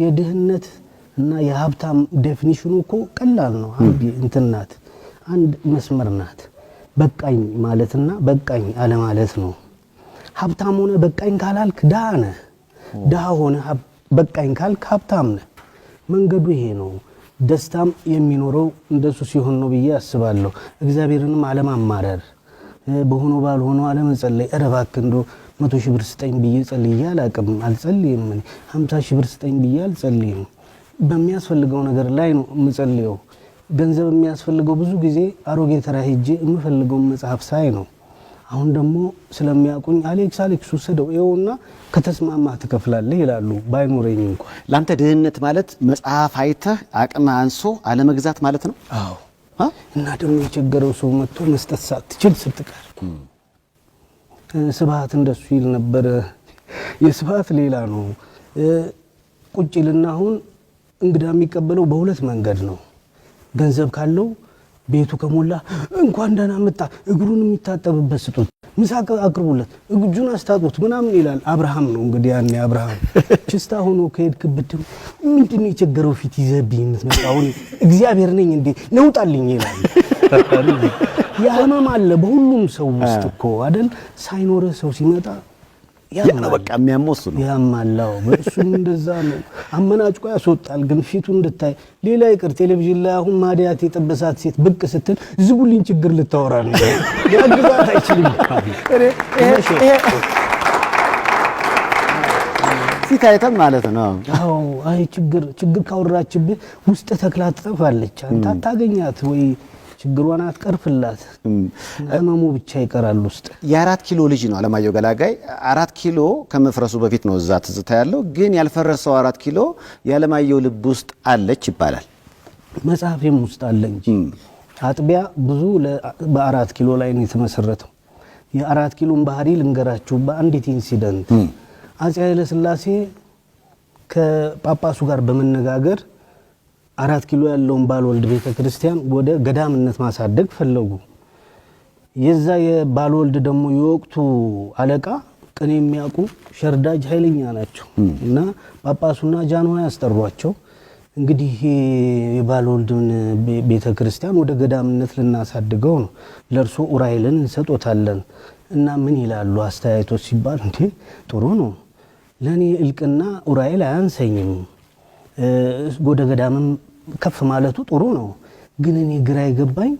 የድህነት እና የሀብታም ዴፊኒሽኑ እኮ ቀላል ነው። አንድ እንትን ናት፣ አንድ መስመር ናት። በቃኝ ማለትና በቃኝ አለማለት ነው። ሀብታም ሆነ በቃኝ ካላልክ ድሃ ነህ፣ ድሃ ሆነ በቃኝ ካልክ ሀብታም ነህ። መንገዱ ይሄ ነው። ደስታም የሚኖረው እንደሱ ሲሆን ነው ብዬ አስባለሁ። እግዚአብሔርንም አለማማረር፣ በሆነ ባልሆኖ አለመጸለይ። ረባክ እንዶ መቶ ሺህ ብር ስጠኝ ብዬ ጸልዬ አላቅም። አልጸልይም። ሀምሳ ሺህ ብር ስጠኝ ብዬ አልጸልይም። በሚያስፈልገው ነገር ላይ ነው የምጸልየው። ገንዘብ የሚያስፈልገው ብዙ ጊዜ አሮጌ ተራ ሄጄ የምፈልገውን መጽሐፍ ሳይ ነው። አሁን ደግሞ ስለሚያውቁኝ አሌክስ አሌክስ ውሰደው ይኸውና ከተስማማህ ትከፍላለህ ይላሉ። ባይኖረኝ እንኳ ለአንተ ድህነት ማለት መጽሐፍ አይተህ አቅም አንሶ አለመግዛት ማለት ነው። አዎ እና ደግሞ የቸገረው ሰው መጥቶ መስጠት ሳትችል ስትቀር ስብሐት እንደሱ ይል ነበረ። የስብሐት ሌላ ነው። ቁጭልና አሁን እንግዳ የሚቀበለው በሁለት መንገድ ነው። ገንዘብ ካለው ቤቱ ከሞላ እንኳን ደህና መጣ፣ እግሩን የሚታጠብበት ስጡት፣ ምሳ አቅርቡለት፣ እጁን አስታጡት ምናምን ይላል። አብርሃም ነው እንግዲህ ያኔ አብርሃም ችስታ ሆኖ ከሄድ ምንድን የቸገረው ፊት ይዘብኝ የምትመጣውን እግዚአብሔር ነኝ እንዴ ነውጣልኝ ይላል። የህመም አለ በሁሉም ሰው ውስጥ እኮ አይደል? ሳይኖርህ ሰው ሲመጣ ያ ነው በቃ የሚያመው እሱ ነው ያማለው። በእሱም እንደዛ ነው። አመናጭቆ ያስወጣል። ግን ፊቱ እንድታይ ሌላ ይቅር፣ ቴሌቪዥን ላይ አሁን ማዲያት የጠበሳት ሴት ብቅ ስትል ዝቡልኝ ችግር ልታወራ ነው። ያግዛት አይችልም። ፊት አይተም ማለት ነው። አዎ አይ ችግር ችግር ካወራችብህ ውስጥ ተክላት ትጠፋለች። አንተ አታገኛት ወይ ችግሯን አትቀርፍላት፣ ህመሙ ብቻ ይቀራል ውስጥ። የአራት ኪሎ ልጅ ነው አለማየሁ ገላጋይ። አራት ኪሎ ከመፍረሱ በፊት ነው እዛ ትዝታ ያለው። ግን ያልፈረሰው አራት ኪሎ የአለማየሁ ልብ ውስጥ አለች ይባላል። መጽሐፌም ውስጥ አለ እንጂ አጥቢያ ብዙ በአራት ኪሎ ላይ ነው የተመሰረተው። የአራት ኪሎን ባህሪ ልንገራችሁ በአንዲት ኢንሲደንት አፄ ኃይለስላሴ ከጳጳሱ ጋር በመነጋገር አራት ኪሎ ያለውን ባልወልድ ቤተ ክርስቲያን ወደ ገዳምነት ማሳደግ ፈለጉ። የዛ የባልወልድ ደግሞ የወቅቱ አለቃ ቅኔ የሚያውቁ ሸርዳጅ ኃይለኛ ናቸው እና ጳጳሱና ጃንሆይ ያስጠሯቸው። እንግዲህ የባልወልድን ቤተ ክርስቲያን ወደ ገዳምነት ልናሳድገው ነው፣ ለእርሶ ኡራኤልን እንሰጦታለን እና ምን ይላሉ አስተያየቶች ሲባል እንዴ ጥሩ ነው፣ ለእኔ እልቅና ኡራኤል አያንሰኝም ወደ ገዳምም ከፍ ማለቱ ጥሩ ነው። ግን እኔ ግራ የገባኝ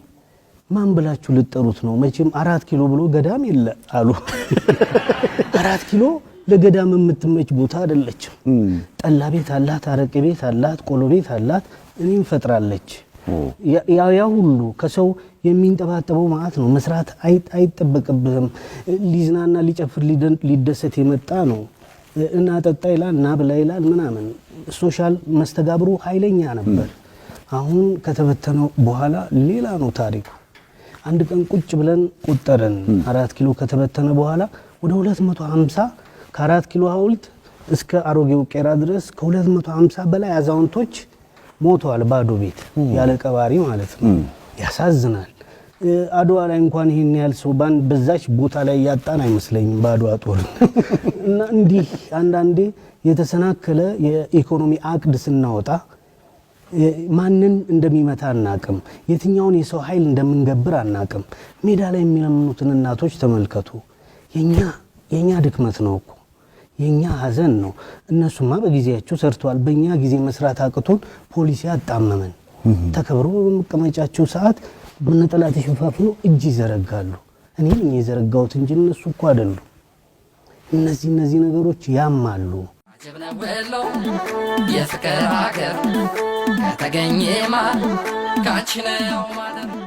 ማን ብላችሁ ልጠሩት ነው? መቼም አራት ኪሎ ብሎ ገዳም የለ አሉ። አራት ኪሎ ለገዳም የምትመች ቦታ አይደለችም። ጠላ ቤት አላት፣ አረቅ ቤት አላት፣ ቆሎ ቤት አላት፣ እኔም ፈጥራለች። ያ ሁሉ ከሰው የሚንጠባጠበው ማለት ነው። መስራት አይጠበቅብህም። ሊዝናና ሊጨፍር ሊደሰት የመጣ ነው። እናጠጣ ይላል እናብላ ይላል ምናምን ሶሻል መስተጋብሩ ኃይለኛ ነበር። አሁን ከተበተነው በኋላ ሌላ ነው ታሪኩ። አንድ ቀን ቁጭ ብለን ቆጠርን። አራት ኪሎ ከተበተነ በኋላ ወደ 250 ከአራት ኪሎ ሐውልት እስከ አሮጌው ቄራ ድረስ ከ250 በላይ አዛውንቶች ሞተዋል። ባዶ ቤት ያለ ቀባሪ ማለት ነው። ያሳዝናል። አድዋ ላይ እንኳን ይህን ያህል ሰው በዛች ቦታ ላይ ያጣን አይመስለኝም። በአድዋ ጦር እና እንዲህ አንዳንዴ የተሰናከለ የኢኮኖሚ አቅድ ስናወጣ ማንን እንደሚመታ አናቅም። የትኛውን የሰው ኃይል እንደምንገብር አናቅም። ሜዳ ላይ የሚለምኑትን እናቶች ተመልከቱ። የኛ ድክመት ነው እኮ የኛ ሀዘን ነው። እነሱማ በጊዜያቸው ሰርተዋል። በእኛ ጊዜ መስራት አቅቶን ፖሊሲ አጣመመን። ተከብሮ በመቀመጫቸው ሰዓት በነጠላ ተሸፋፍነው እጅ ይዘረጋሉ። እኔ ነኝ የዘረጋሁት እንጂ እነሱ እኮ አይደሉ። እነዚህ እነዚህ ነገሮች ያማሉ። ወሎ የፍቅር ሀገር ከተገኘ ማን ካችነው ማለት ነው